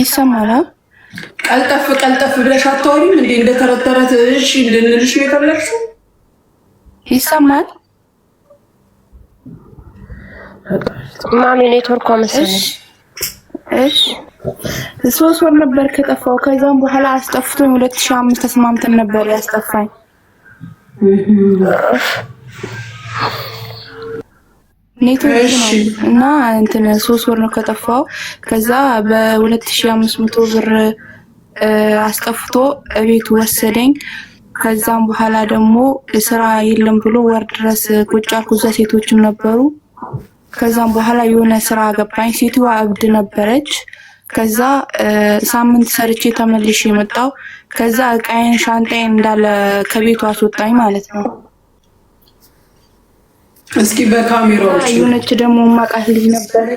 ይሰማል። ቀልጠፍ ቀልጠፍ ብለሽ አታወሪም እንዴ? እንደተረተረት እሺ እንድንልሽ ነው ይሰማል። ማሚ ኔትወርክ መሰለኝ። እሺ ሶስት ወር ነበር ከጠፋው። ከዛም በኋላ አስጠፍቶኝ ሁለት ሺህ አምስት ተስማምተን ነበር ያስጠፋኝ። ኔትወርክ እና እንትን ሶስት ወር ነው ከጠፋው። ከዛ በ2500 ብር አስጠፍቶ እቤት ወሰደኝ። ከዛም በኋላ ደግሞ ስራ የለም ብሎ ወር ድረስ ቁጭ አልኩ። እዛ ሴቶችም ነበሩ። ከዛም በኋላ የሆነ ስራ ገባኝ። ሴትዋ እብድ ነበረች። ከዛ ሳምንት ሰርቼ ተመልሼ የመጣው። ከዛ እቃዬን ሻንጣዬን እንዳለ ከቤቱ አስወጣኝ ማለት ነው። እስኪ በካሜራዎች የሆነች ደግሞ ማቃት ልጅ ነበር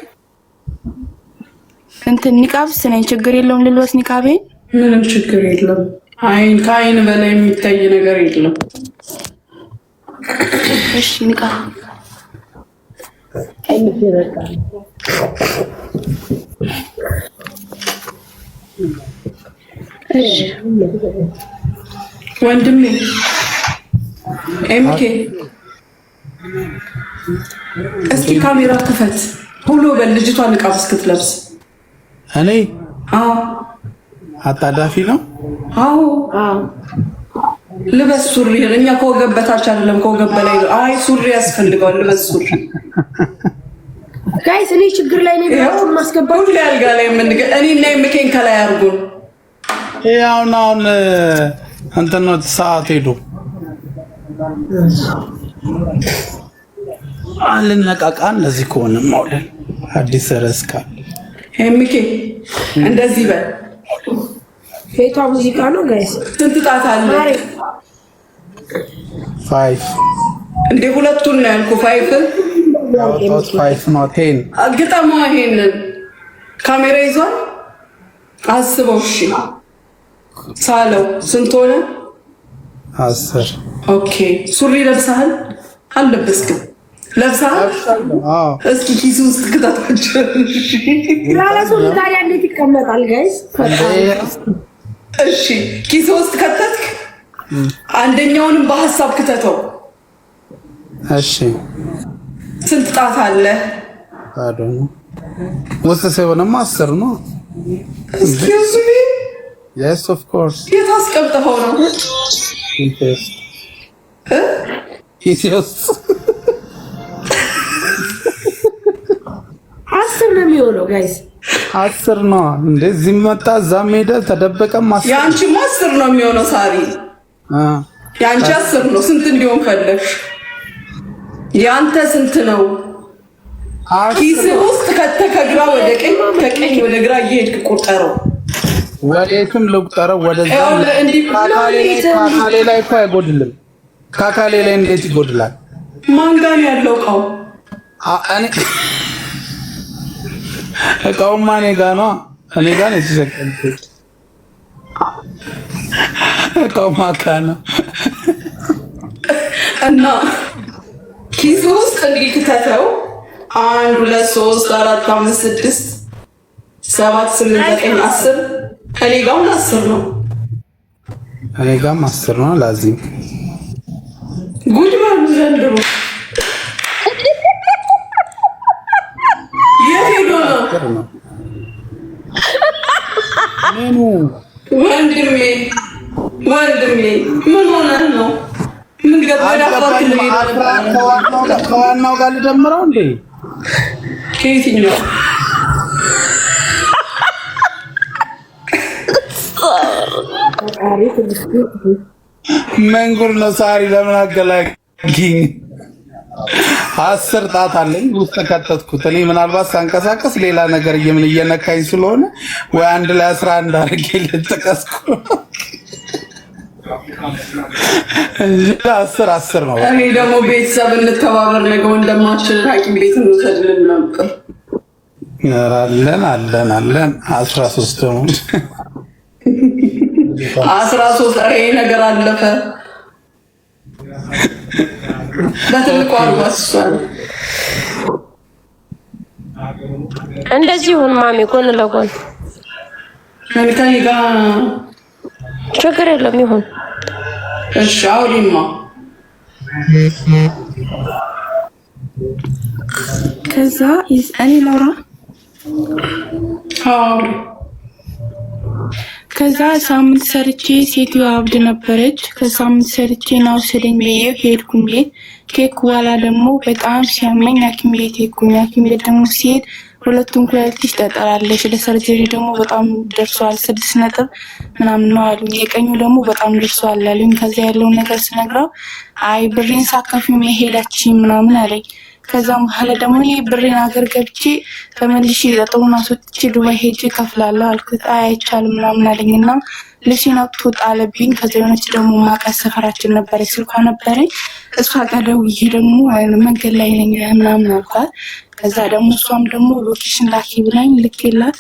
እንትን ኒቃብ ስነኝ ችግር የለውም ልልበስ ኒቃቤን ምንም ችግር የለም። አይን ከአይን በላይ የሚታይ ነገር የለም። እሺ ኒቃብ ወንድሜ ኤምኬ እስኪ ካሜራ ክፈት። ቶሎ በል ልጅቷ ንቃብ እስክትለብስ። እኔ አጣዳፊ ነው። አዎ ልበስ ሱሪ። እኛ ከወገብ በታች አይደለም ከወገብ በላይ አይ ሱሪ ያስፈልገዋል። ልበስ ሱሪ። ጋይስ እኔ ችግር ላይ ነኝ። ማስገባው ሁሌ አልጋ ላይ የምንገ እኔ እና የምኬን ከላይ አድርጎ አሁን አሁን እንትን ነው ሰዓት ሄዱ አልነቃቃ እንደዚህ ከሆነ ማውለን አዲስ ረስካ ሄሚኬ እንደዚህ በል ፌቷ ሙዚቃ ነው ጋይስ። ስንት ጣት አለ? ፋይቭ እንዴ ሁለቱን ነው ያልኩ። ፋይቭ ፋይቭ ነው። ቴን ግጠማ። ይሄንን ካሜራ ይዟል። አስበው። እሺ ሳለው ስንት ሆነ? አስር ኦኬ። ሱሪ ለብሰሃል አልለበስክም? ለብሰሃል። እስኪ ኪሱ ውስጥ ክተታቸው። ያለ ሱሪ ታዲያ እንዴት ይቀመጣል? ጋይስ እሺ፣ ኪሱ ውስጥ ከተትክ አንደኛውንም በሀሳብ ክተተው። እሺ፣ ስንት ጣት አለ? ውስጥ ሲሆንማ አስር ነው። የስ ኦፍ ኮርስ የት አስቀምጠኸው ነው? አስር ነው የሚሆነው ጋይስ አስር ነው። እንደዚህ መጣ እዛም ሄደ ተደበቀም። የአንቺም አስር ነው የሚሆነው ሳሪ፣ የአንቺ አስር ነው። ስንት እንዲሆን ፈለግ? የአንተ ስንት ነው? ኪስ ውስጥ ከተከግራ ወደ ቀኝ ከቀኝ ወደ ግራ እየሄድክ ቁጠረው። ወዴትም ልቁጠረው ወደዛ ካካሌ ላይ እኮ አይጎድልም። ካካሌ ላይ እንዴት ይጎድላል? ማን ጋር ያለው እቃው እቃውማ እኔ ጋ ነው። እኔ ጋ ነው የተሰቀልኩት። እቃውማ ካ ነው እና ኪሱ ውስጥ እንግዲህ ክተተው አንድ ሁለት ሶስት አራት አምስት ስድስት ሰባት ስምንት ዘጠኝ አስር ከኔ ጋርም አስር ነው። እኔ ጋርም አስር ነው። ላዚም ጉድ በሉ ዘንድሮ ወንድሜ ወንድሜ ምን ሆነህ ነው? ምን ገባህ? ከዋናው ጋር ልደምረው እንዴ? ከየትኛው መንጉር ነው ሳሪ? ለምን አገላግኝ? አስር ጣት አለኝ ውስጥ ከተትኩት። እኔ ምናልባት ሳንቀሳቀስ ሌላ ነገር እየምን እየነካኝ ስለሆነ ወይ አንድ ላይ አስራ አንድ አድርጌ ልጥቀስኩ። አስር አስር ነው። እኔ ደግሞ ቤተሰብ እንተባበር ነገ እንደማችል ሐኪም ቤት እንውሰድልን ነበር። አለን አለን አለን አስራ ሶስት ደግሞ አስራ ሶስት ይሄ ነገር አለፈ። በትልቋ አልባሷል። እንደዚህ ሁን ማሚ፣ ጎን ለጎን ችግር የለም ይሁን። እሺ ከዛ እኔ ከዛ ሳምንት ሰርቼ ሴትዮ አብድ ነበረች። ከሳምንት ሰርቼ ናው ስለኝ ብዬ ሄድኩኝ ቤት። ከሄድኩ በኋላ ደግሞ በጣም ሲያመኝ ሐኪም ቤት ሄድኩኝ። ሐኪም ቤት ደግሞ ሲሄድ ሁለቱም ኩላሊትሽ ጠጠራለች፣ ለሰርጀሪ ደግሞ በጣም ደርሷል፣ ስድስት ነጥብ ምናምን ነው አሉኝ። የቀኙ ደግሞ በጣም ደርሷል አሉኝ። ከዚያ ያለውን ነገር ስነግረው አይ ብሬን ሳካፊ መሄዳችን ምናምን አለኝ። ከዛ በኋላ ደግሞ እኔ ብሬን ሀገር ገብቼ ተመልሼ ጥሩን አስወጥቼ ዱባይ ሄጄ ከፍላለሁ አልኩት። አይ አይቻልም ምናምን አለኝና ልብሴን አውጥቶ ጣለብኝ። ከዛ የሆነች ደግሞ ማቃት ሰፈራችን ነበረ ስልኳ ነበረኝ። እሷ ጋር ደውዬ ደግሞ መንገድ ላይ ነኝ ምናምን አልኳት። ከዛ ደግሞ እሷም ደግሞ ሎኬሽን ላኪ ብላኝ ልኬላት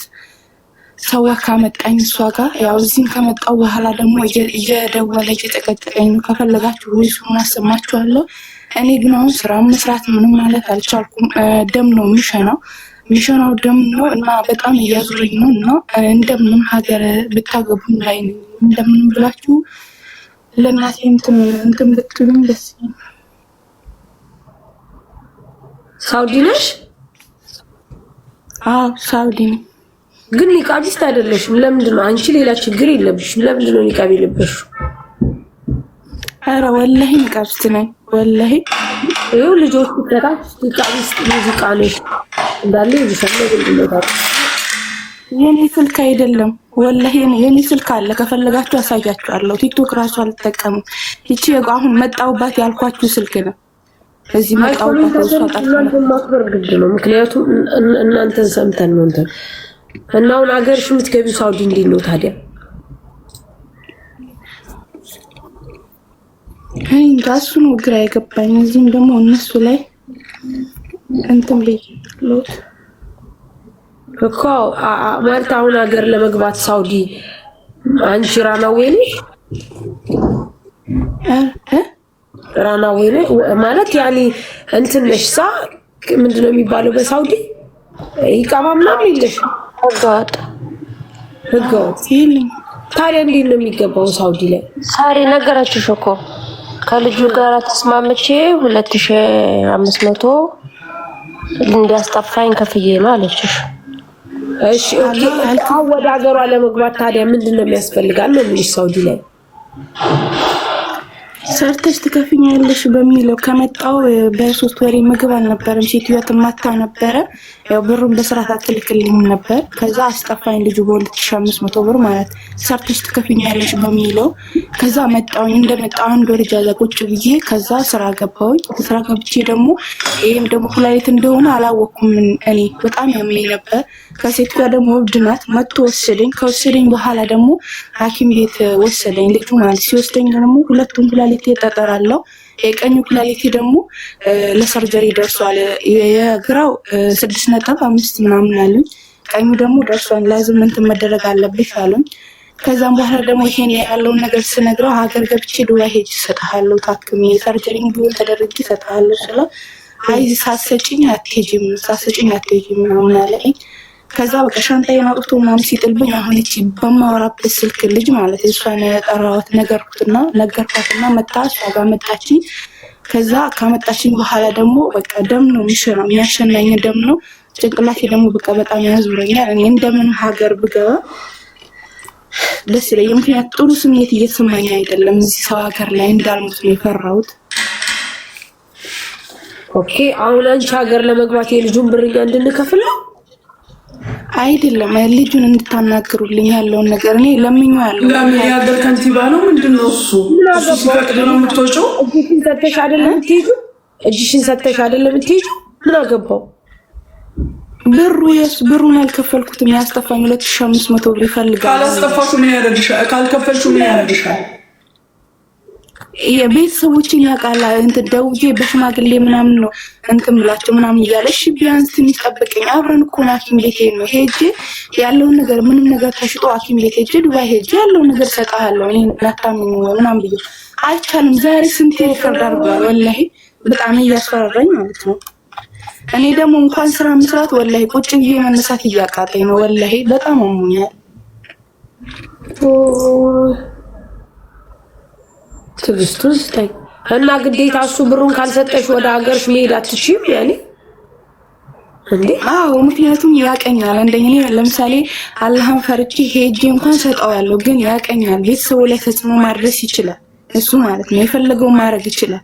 ሰው ካመጣኝ እሷ ጋር ያው እዚህም ከመጣው በኋላ ደግሞ እየደወለ እየጠቀጠቀኝ ነው። ከፈለጋችሁ ወይስ ሆን አሰማችኋለሁ እኔ ግን አሁን ስራ መስራት ምንም ማለት አልቻልኩም። ደም ነው የሚሸናው የሚሸናው ደም ነው እና በጣም እያዙረኝ ነው እና እንደምንም ሀገር ብታገቡም ላይ እንደምንም ብላችሁ ለእናቴ እንትን ብትሉኝ ደስ ሳውዲ ነሽ? አዎ ሳውዲ ነው። ግን ኒቃቢስት አይደለሽም። ለምንድን ነው አንቺ ሌላ ችግር የለብሽም። ለምንድን ነው ኒቃብ የለብሽው? አረ ወላሂ ንቃብስት ነኝ ወላሂ። ይኸው ልጆች ትቀጣች ትቃብስት ሙዚቃ ላይ እንዳለ የኔ ስልክ አይደለም ወላሂ፣ የኔ ስልክ አለ ከፈለጋችሁ አሳያችኋለሁ። ቲክቶክ ራሱ አልጠቀምም። ይቺ አሁን መጣሁባት ያልኳችሁ ስልክ ነው። እዚህ መጣሁባት ማክበር ግድ ነው። ምክንያቱም እናንተን ሰምተን ነው እንትን እና አሁን አገርሽ የምትገቢው ሳውዲ እንዴት ነው ታዲያ? እንጃ እሱ ነው ግራ የገባኝ። እዚህም ደግሞ እነሱ ላይ እንትን ብሎት እኮ ማለት አሁን ሀገር ለመግባት ሳውዲ አንቺ ራናዌ ነሽ ራናዌ ነሽ ማለት ያኔ እንትን ነሽ ሳ ምንድን ነው የሚባለው በሳውዲ ይቃማ ምናምን የለሽ ህገወጥ ህገወጥ ታዲያ እንዴት ነው የሚገባው ሳውዲ ላይ ሳሪ ነገራችሁ እኮ ከልጁ ጋር ተስማምቼ ሁለት ሺ አምስት መቶ እንዲያስጠፋኝ ከፍዬ ነው አለችሽ። እሺ ኦኬ። ወደ ሀገሯ ለመግባት ታዲያ ምንድን ነው የሚያስፈልጋል? ነው የሚልሽ ሳውዲ ላይ ሰርተሽ ትከፍኛለሽ በሚለው ከመጣው በሶስት ወሬ ምግብ አልነበረም ሴትዮዋ ትማታ ነበረ ያው ብሩን በስርዓት አትልክልኝ ነበር። ከዛ አስጠፋኝ ልጁ በሁለት ሺህ አምስት መቶ ብር ማለት ሰርተሽ ትከፍኛለሽ በሚለው ከዛ መጣሁኝ። እንደመጣ አንድ ወር እጃዛ ቁጭ ብዬ ከዛ ስራ ገባሁኝ። ስራ ገብቼ ደግሞ ይህም ደግሞ ኩላሊት እንደሆነ አላወቅኩም። እኔ በጣም ያመኝ ነበር። ከሴት ጋር ደግሞ እብድ ናት። መጥቶ ወሰደኝ። ከወሰደኝ በኋላ ደግሞ ሐኪም ቤት ወሰደኝ ልጁ ማለት ሲወስደኝ ደግሞ ሁለቱም ኩላሊት ጠጠር አለው የቀኙ ኩላሊቴ ደግሞ ለሰርጀሪ ደርሷል። የግራው ስድስት ነጥብ አምስት ምናምን አሉኝ። ቀኙ ደግሞ ደርሷል። ላዝም እንትን መደረግ አለብሽ አሉኝ። ከዛም በኋላ ደግሞ ይሄን ያለውን ነገር ስነግረው ሀገር ገብቼ ዱባይ ሄጅ ይሰጥሃለሁ ታክሜ የሰርጀሪን ቢሆን ተደርጌ ይሰጥሃለሁ ስለ አይ ሳሰጭኝ አትሄጂም፣ ሳሰጭኝ አትሄጂም ምናምን አለኝ። ከዛ በቃ ሻንጣዬን አውጥቶ ምናምን ሲጥልብኝ አሁን ይቺ በማወራበት ስልክ ልጅ ማለት እሷን ጠራሁት፣ ነገርኩትና ነገርኳትና መጣ፣ እሷ ጋር መጣች። ከዛ ካመጣችኝ በኋላ ደግሞ በቃ ደም ነው የሚያሸናኝ ደም ነው። ጭንቅላቴ ደግሞ በቃ በጣም ያዙረኛል። እኔ እንደምን ሀገር ብገባ ደስ ይለኝ፣ ምክንያት ጥሩ ስሜት እየተሰማኝ አይደለም። እዚህ ሰው ሀገር ላይ እንዳልሞት ነው የፈራሁት። ኦኬ አሁን አንቺ ሀገር ለመግባት የልጁን ብርኛ እንድንከፍለው አይደለም ልጁን እንድታናግሩልኝ ያለውን ነገር እኔ ለምኛ ያለው የሀገር ከንቲባ ነው። ምንድን ነው እሱ እሱ ሲፈቅድ ነው የምትወጪው። እጅሽን ሰተሽ አይደለም የምትሄጂው። እጅሽን ሰተሽ አይደለም የምትሄጂው። ምን አገባው? ብሩ የሱ ብሩን ያልከፈልኩትም ያስጠፋኝ ሁለት ሺህ አምስት መቶ ብር ይፈልጋል። ካላስጠፋሽ ምን ያደርግሻል? ካልከፈልሽው ምን ያደርግሻል? የቤተሰቦችን ያውቃል እንትን ደውዬ በሽማግሌ ምናምን ነው እንትን ብላቸው ምናምን እያለ እሺ ቢያንስ ትንሽ ጠብቀኝ፣ አብረን እኮን ሐኪም ቤት ነው ሄጄ ያለውን ነገር ምንም ነገር ተሽጦ ሐኪም ቤት ሄጄ ዱባይ ሄጄ ያለውን ነገር እሰጥሃለሁ እኔ ናታምኝ ምናምን ብዬ አይቻልም። ዛሬ ስንት ይፈርዳል ብሏል። ወላሂ በጣም እያስፈራራኝ ማለት ነው። እኔ ደግሞ እንኳን ስራ መስራት ወላሂ ቁጭ ብዬ መነሳት እያቃጠኝ ነው። ወላሂ በጣም አሞኛል። ትዕግስቱን ስጠኝ እና ግዴታ እሱ ብሩን ካልሰጠሽ ወደ ሀገርሽ መሄድ አትችም ያኔ እንዴ አዎ፣ ምክንያቱም ያቀኛል። እንደኔ ለምሳሌ አላህን ፈርቼ ሄጄ እንኳን ሰጠዋለሁ፣ ግን ያቀኛል። ቤተሰቡ ላይ ተጽዕኖ ማድረስ ይችላል። እሱ ማለት ነው የፈለገውን ማድረግ ይችላል።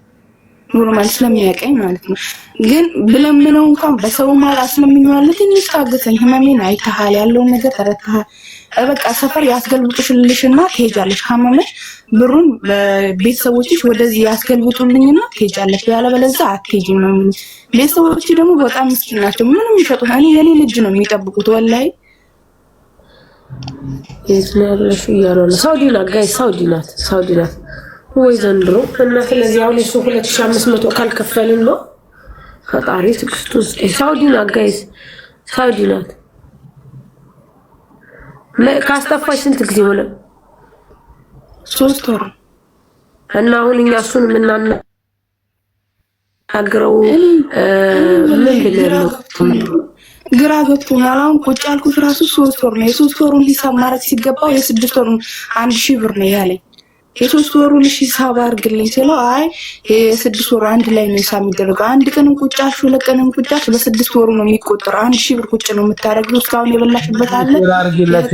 ኖርማል ስለሚያውቀኝ ማለት ነው። ግን ብለምነው እንኳን በሰው ማላ ስለምኝዋለ ትንሽ ታገሰኝ። ህመሜን አይተሃል፣ ያለውን ነገር ተረድተሃል። በቃ ሰፈር ያስገልብጡሽልሽና ትሄጃለሽ። ከመመሽ ብሩን ቤተሰቦችሽ ወደዚህ ያስገልብጡልኝና ትሄጃለሽ፣ ያለበለዛ አትሄጂም ነው የሚሉኝ። ቤተሰቦች ደግሞ በጣም ምስኪን ናቸው። ምንም የሚሸጡ እኔ የኔ ልጅ ነው የሚጠብቁት። ወላይ የት ነው ያለሽ ሳውዲ ናት ጋይ፣ ሳውዲ ናት፣ ሳውዲ ናት ወይ ዘንድሮ እና ስለዚህ አሁን የሱ ሁለት ሺህ አምስት መቶ ካልከፈልን ነው ፈጣሪ ትግስቱ ሳውዲ ናት ጋይስ ሳውዲ ናት ካስጠፋች ስንት ጊዜ ሆነ ሶስት ወር እና አሁን እኛ እሱን የምናናግረው ምን ብለን ነው ግራ ገብቶኛል። አሁን ቁጭ ያልኩት ራሱ ሶስት ወር ነው የሶስት ወሩን ሂሳብ ማድረግ ሲገባው የስድስት ወሩን አንድ ሺህ ብር ነው ያለኝ የሶስት ወሩን እሺ ሂሳብ አድርግልኝ ስለው አይ የስድስት ወሩ አንድ ላይ ነው ሂሳብ የሚደረገው። አንድ ቀን እንቁጫሽ፣ ሁለት ቀን እንቁጫሽ፣ በስድስት ወሩ ነው የሚቆጠረው። አንድ ሺህ ብር ቁጭ ነው የምታደርጊው። እስካሁን የበላሽበት አለ ይጠቀማል። ሼር አድርጊለት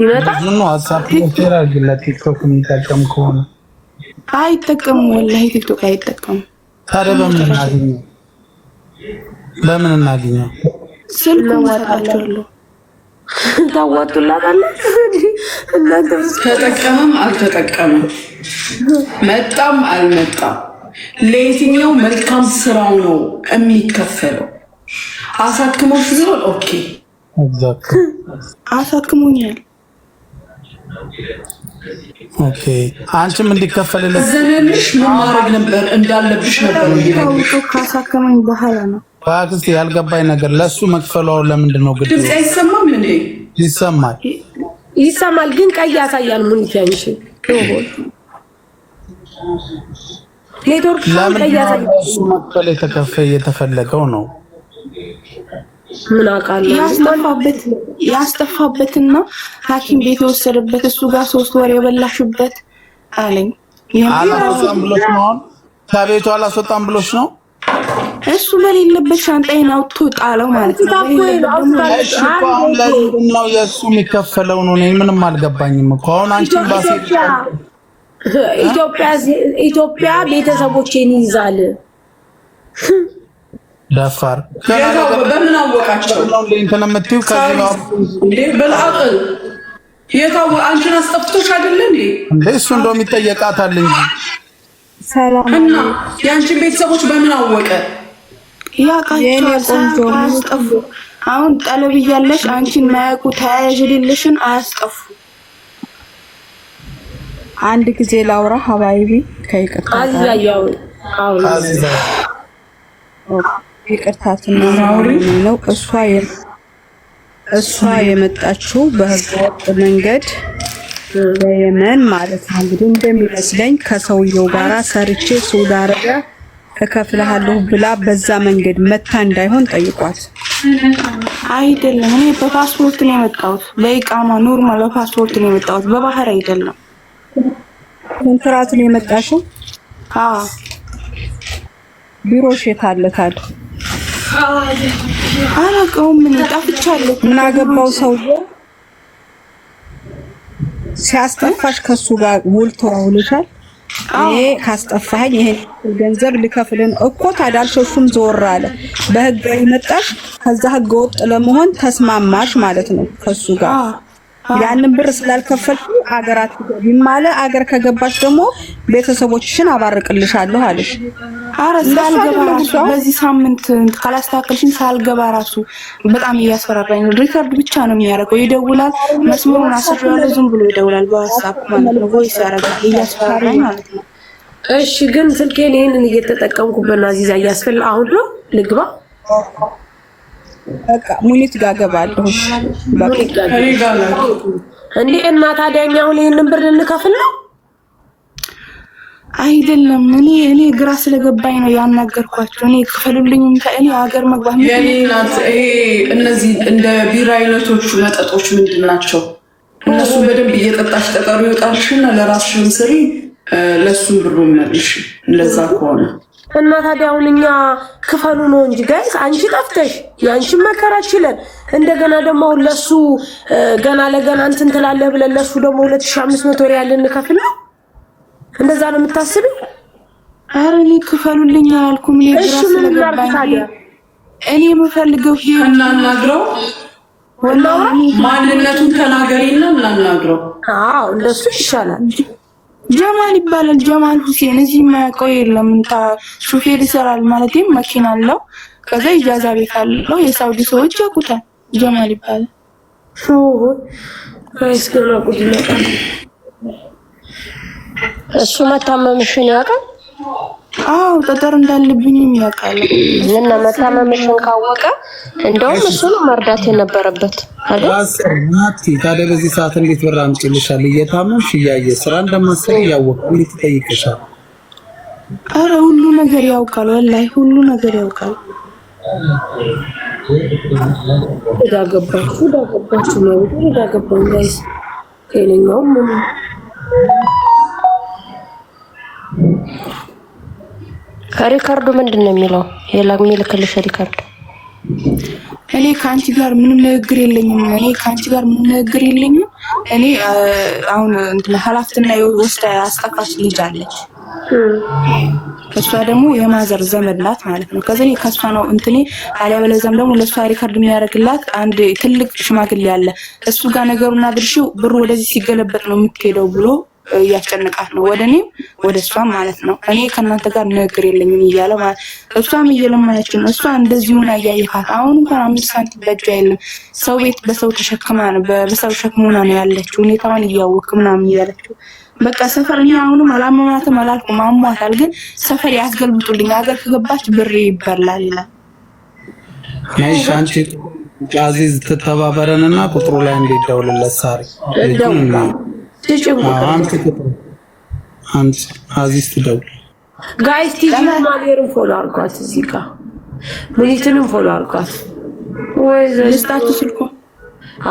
ይመጣል። ቲክቶክ የሚጠቀም ከሆነ አይጠቀምም። ወላሂ ቲክቶክ አይጠቀምም። ታዲያ በምን እናገኘው? በምን እናገኘው? ስልኩን እሰጣቸዋለሁ ታዋጡላታለች። ተጠቀመም አልተጠቀመም መጣም አልመጣም ለየትኛው መልካም ስራው ነው የሚከፈለው። አሳክሞ ኦኬ፣ አሳክሞኛል ኦኬ። አንቺም ምን ማድረግ ነበር እንዳለብሽ ነበር። ካሳከመኝ በኋላ ነው አክስቴ ያልገባኝ ነገር ለእሱ መክፈሏው ለምንድን ነው ግድ? አይሰማም እንዴ? ይሰማል፣ ይሰማል ግን ቀይ ያሳያል። ሙኒት ያንሽ ኔትወርክ ለምን እሱ መክፈል የተከፈ የተፈለገው ነው። ምን አውቃለሁ። ያስጠፋበት ያስጠፋበትና ሐኪም ቤት የወሰደበት እሱ ጋር ሶስት ወር የበላሽበት አለኝ። አላስወጣም ብሎሽ ነው አሁን ከቤቱ አላስወጣም ብሎሽ ነው እሱ በሌለበት ሻንጣዬን አውጥቶ ጣለው ማለት ነው። አሁን የእሱ የሚከፈለው ነው? እኔ ምንም አልገባኝም እኮ አሁን አንቺ ባሴ ኢትዮጵያ ቤተሰቦቼን ይይዛል። ደፋር በምን አወቃቸው እንትን የምትይው የታወ አንቺን እንደ እሱ እንደውም ይጠየቃታል እንጂ ሰላም እና የአንቺን ቤተሰቦች በምን አወቀ? ያቃቸው አሁን ጠለብ እያለሽ አንቺን ማያውቁ ተያያዥ አያስጠፉ። አንድ ጊዜ ላውራ ሀባይቢ ከይቅርታ ነው እሷ እሷ የመጣችው በህገወጥ መንገድ በየመን ማለት ነው። እንግዲህ እንደሚመስለኝ ከሰውየው ጋራ ሰርቼ ሱዳ አረቢያ እከፍልሃለሁ ብላ በዛ መንገድ መታ እንዳይሆን ጠይቋት። አይደለም እኔ በፓስፖርት ነው የመጣሁት፣ ለኢቃማ ኖርማል በፓስፖርት ነው የመጣሁት፣ በባህር አይደለም። ኮንትራት ነው የመጣሽው? አዎ። ቢሮሽ የታለታል? አላውቀውም። ምን ጠፍቻለሁ። ምን አገባው ሰው ሲያስጠፋሽ ከሱ ጋር ውል ተዋውልሻል? ይሄ ካስጠፋኸኝ ይሄን ገንዘብ ልከፍልን እኮ ታዳልሾ። እሱም ዞር አለ። በህጋዊ መጣሽ፣ ከዛ ህገ ወጥ ለመሆን ተስማማሽ ማለት ነው ከሱ ጋር ያንን ብር ስላልከፈልኩ አገር አትገቢም አለ። አገር ከገባሽ ደግሞ ቤተሰቦችሽን አባርቅልሻለሁ አለሽ። አረ ሳልገባ በዚህ ሳምንት ካላስተካከልሽኝ ሳልገባ ራሱ በጣም እያስፈራራኝ ነው። ሪከርድ ብቻ ነው የሚያደርገው። ይደውላል፣ መስመሩን አስሬዋለሁ። ዝም ብሎ ይደውላል፣ በዋትስአፕ ማለት ነው። ቮይስ ያደርጋል። እያስፈራራኝ ማለት ነው። እሺ ግን ስልኬን ይህንን እየተጠቀምኩበት ነው። አዚዛ እያስፈል አሁን ነው ልግባ በቃ ሙኒት ጋር ገባለሁ። እንዴ እና ታዲያ እኛ አሁን ይህንን ብር ልንከፍል ነው አይደለም? እኔ እኔ ግራ ስለገባኝ ነው ያናገርኳቸው። እኔ ክፈሉልኝ እኔ ሀገር መግባት እነዚህ እንደ ቢራ አይነቶቹ መጠጦች ምንድን ናቸው? እነሱ በደንብ እየጠጣሽ ጠጠሩ ይወጣልሽና ለራስሽን ስሪ፣ ለእሱም ብሩ መልሽ። እንደዛ ከሆነ እና ታዲያ አሁን እኛ ክፈሉ ነው እንጂ ጋይስ፣ አንቺ ጠፍተሽ የአንቺን መከራ ችለን እንደገና ደግሞ አሁን ለሱ ገና ለገና እንትን ትላለህ ብለን ለሱ ደግሞ ሁለት ሺህ አምስት መቶ ሪያል ልንከፍል ነው። እንደዛ ነው የምታስብ? ኧረ እኔ ክፈሉልኝ አላልኩም። እሺ ምን እናድርግ ታዲያ? እኔ የምፈልገው እናናግረው ማንነቱን ተናገሪና እናናግረው። አዎ እንደሱ ይሻላል። ጀማል ይባላል። ጀማል ሁሴን እዚህ የማያውቀው የለም። ሹፌር ይሰራል ማለት መኪና አለው። ከዛ ኢጃዛ ቤት አለው። የሳውዲ ሰዎች ያውቁታል። ጀማል ይባላል። እሱ መታመምሽን ያውቃል። አዎ ጠጠር እንዳለብኝ ያውቃል። እና መታመምሽን ካወቀ እንደውም እሱን መርዳት የነበረበት አይደል? ታዲያ በዚህ ሰዓት እንዴት ብር አምጪልሻል? እየታመምሽ እያየ ስራ እንደማሰሪ እያወቀ እንዴት ትጠይቅሻል? አረ ሁሉ ነገር ያውቃል፣ ወላሂ ሁሉ ነገር ያውቃል። እዳገባችሁ እዳገባችሁ ነው እዳገባው ሪካርዱ ምንድን ነው የሚለው የሚልክልሽ ሪካርድ? እኔ ከአንቺ ጋር ምንም ንግግር የለኝም። እኔ ከአንቺ ጋር ምንም ንግግር የለኝም። እኔ አሁን ሀላፍትና የወስዳ አስጠፋች ልጅ አለች። እሷ ደግሞ የማዘር ዘመድ ናት ማለት ነው። ከዚህ ከእሷ ነው እንትኔ አለበለዚያም ደግሞ ለእሷ ሪካርድ የሚያደርግላት አንድ ትልቅ ሽማግሌ አለ። እሱ ጋር ነገሩና ድርሽው ብሩ ወደዚህ ሲገለበጥ ነው የምትሄደው ብሎ እያስጨነቃት ነው፣ ወደ እኔም ወደ እሷም ማለት ነው። እኔ ከእናንተ ጋር ንግግር የለኝም እያለ ማለት እሷም እየለመነች ነው። እሷ እንደዚህ ሁና እያየካት አሁን እንኳን አምስት ሳንቲም በእጇ የለም። ሰው ቤት በሰው ተሸክማ በሰው ሸክሙና ነው ያለችው። ሁኔታውን እያወቅ ምናምን እያለችው በቃ ሰፈር እኔ አሁንም አላመማትም አላልኩም፣ አሟታል። ግን ሰፈር ያስገልብጡልኝ፣ አገር ከገባች ብር ይበላል ይላል። ሻንቲ ቃዚዝ ትተባበረንና ቁጥሩ ላይ እንዴት ደውልለት ሳሪ ጋይስ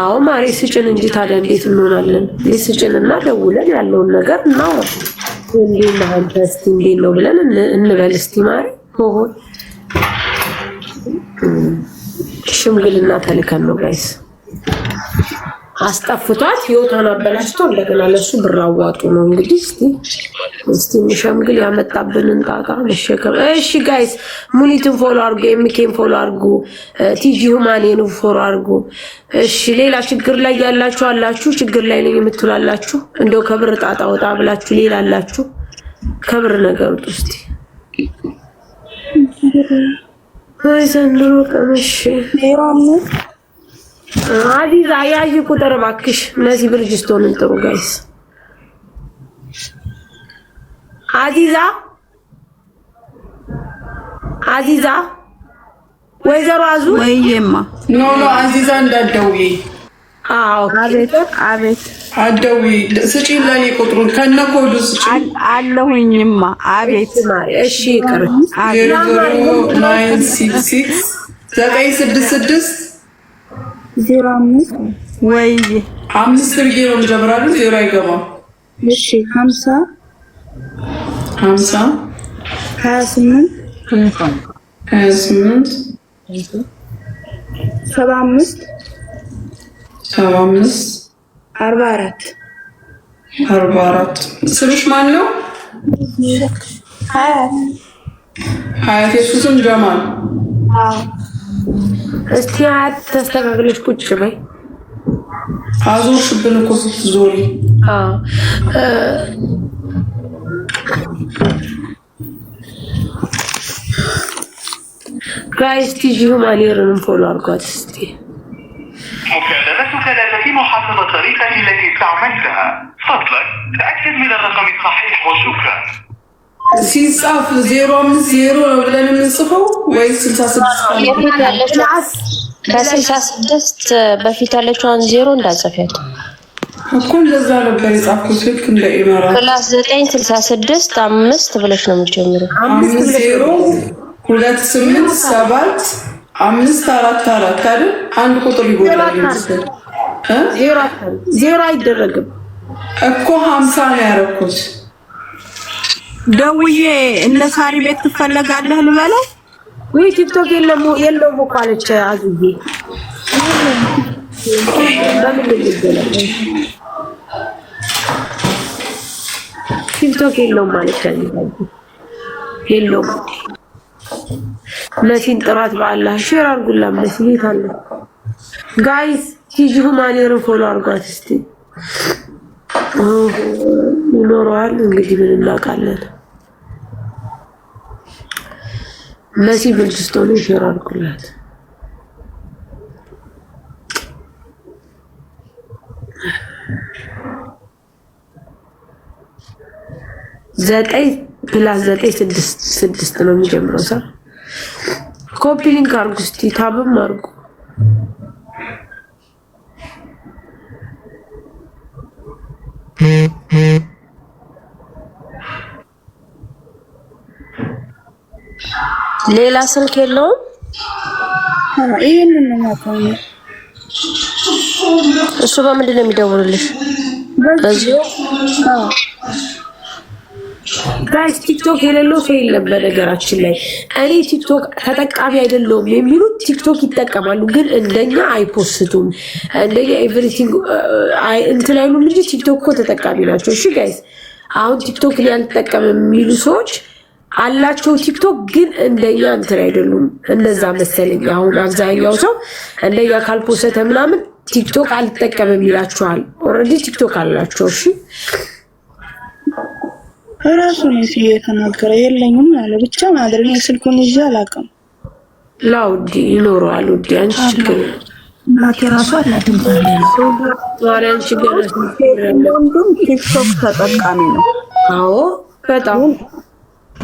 አዎ፣ ማሬ ስጭን እንጂ ታዲያ እንዴት እንሆናለን? ስጭን እና ደውለን ያለውን ነገር እንዴት ነህ አንተ? እስኪ እንዴት ነው ብለን እንበል እስኪ ማሬ። ሽምግልና ተልከን ነው ጋይስ አስጠፍቷት ህይወቷን አበላሽቶ እንደገና ለሱ ብር አዋጡ ነው እንግዲህ። እስቲ እስቲ እንሸምግል ያመጣብንን ጣጣ መሸከም። እሺ ጋይስ ሙኒትን ፎሎ አርጉ፣ ኤምኬን ፎሎ አርጉ፣ ቲጂ ሁማኔን ፎሎ አርጉ። እሺ ሌላ ችግር ላይ ያላችሁ አላችሁ፣ ችግር ላይ ነኝ የምትላላችሁ፣ እንደው ከብር ጣጣ ወጣ ብላችሁ ሌላ አላችሁ፣ ከብር ነገር ውጡ እስቲ። አይ ዘንድሮ ቀመሽ አዚዛ ያዥ ቁጥር እባክሽ እነዚህ ብርጅስቶንን ጥሩ ጋይስ። አዚዛ አዚዛ ወይዘሮ አዙ ወይዬማ ኖ ኖ አዚዛ እንዳትደውዪ። አዎ አቤት አቤት አትደውዪ። ስጪኝ ለኔ ቁጥሩን ከነ ኮዱ ስጪኝ አለሁኝማ። አቤት እሺ ይቅር 0966 966 ዜሮ አምስት ወይ አምስት ብዬ ነው የምጀምራለሁ። ዜሮ አይገባም። እሺ ሀምሳ ሀምሳ ሀያ ስምንት ሀያ ስምንት ሰባ አምስት ሰባ አምስት አርባ አራት አርባ አራት ስምሽ ማን ነው? ሀያት ሀያት የሱስም ጀማል እስቲ ተስተካክለሽ ቁጭ በይ። አዞርሽብን እኮ ስትዞሪ። ጋይስ ቲጂ ሁማኒርንም ፎሎ አድርጓት እስቲ። مكالمتك التي محدد طريقة التي استعملتها فضلا تأكد من الرقم الصحيح وشكرا ሲጻፍ ዜሮ አምስት ዜሮ ነው ብለን የምንጽፈው ወይስ ስልሳ ስድስት ከስልሳ ስድስት በፊት ያለችውን ዜሮ እንዳጸፊያት እኮ እንደዛ ነበር የጻፍኩት። ልክ እንደ ኢመራ ክላስ ዘጠኝ ስልሳ ስድስት አምስት ብለሽ ነው የምትጀምሩ። አምስት ዜሮ ሁለት ስምንት ሰባት አምስት አራት አራት አይደል? አንድ ቁጥር ይጎዳል። ዜሮ አይደረግም እኮ ሀምሳ ነው ያደረኩት ደውዬ እነ ሳሪ ቤት ትፈለጋለህ ልበለው? ወይ ቲክቶክ የለም የለም እኮ አለች አዙዬ። ቲክቶክ የለውም ማለት የለውም። መሲን ጥራት በአላህ ሼር አርጉላ። መሲ ቤት አለ ጋይስ ቲጂ ሁማኔርን ፎሎ አርጓት እስቲ። ይኖረዋል እንግዲህ ምን እናውቃለን። መሲ ብልጅስቶኑ ሼር አድርጉላት። ዘጠኝ ፕላስ ዘጠኝ ስድስት ስድስት ነው የሚጀምረው። ሰር ኮፒሊንግ አርጉ፣ እስኪ ታብም አርጉ። ሌላ ስልክ የለውም። ነው እሱ በምንድን ነው የሚደውልልሽ? በዚሁ ጋይስ ቲክቶክ የሌለው ሰው የለም። በነገራችን ላይ እኔ ቲክቶክ ተጠቃሚ አይደለውም የሚሉት ቲክቶክ ይጠቀማሉ፣ ግን እንደኛ አይፖስቱም። እንደኛ ኤቭሪቲንግ እንትን አይሉም እንጂ ቲክቶክ እኮ ተጠቃሚ ናቸው። እሺ ጋይስ፣ አሁን ቲክቶክ ላይ አልጠቀምም የሚሉ ሰዎች አላቸው ቲክቶክ ግን እንደኛ እንትን አይደሉም። እንደዛ መሰለኝ አሁን አብዛኛው ሰው እንደኛ ካልፖሰተ ምናምን ቲክቶክ አልጠቀምም ይላችኋል። ኦልሬዲ ቲክቶክ አላቸው። እሺ ራሱ ነው የተናገረ የለኝም አለ ብቻ ነው። ስልኩን ይዤ አላውቅም። ላውዲ ይኖረዋል። ውዲ አንቺ ችግር እናቴ ራሱ አላድምዛሪያን ችግር ቲክቶክ ተጠቃሚ ነው። አዎ በጣም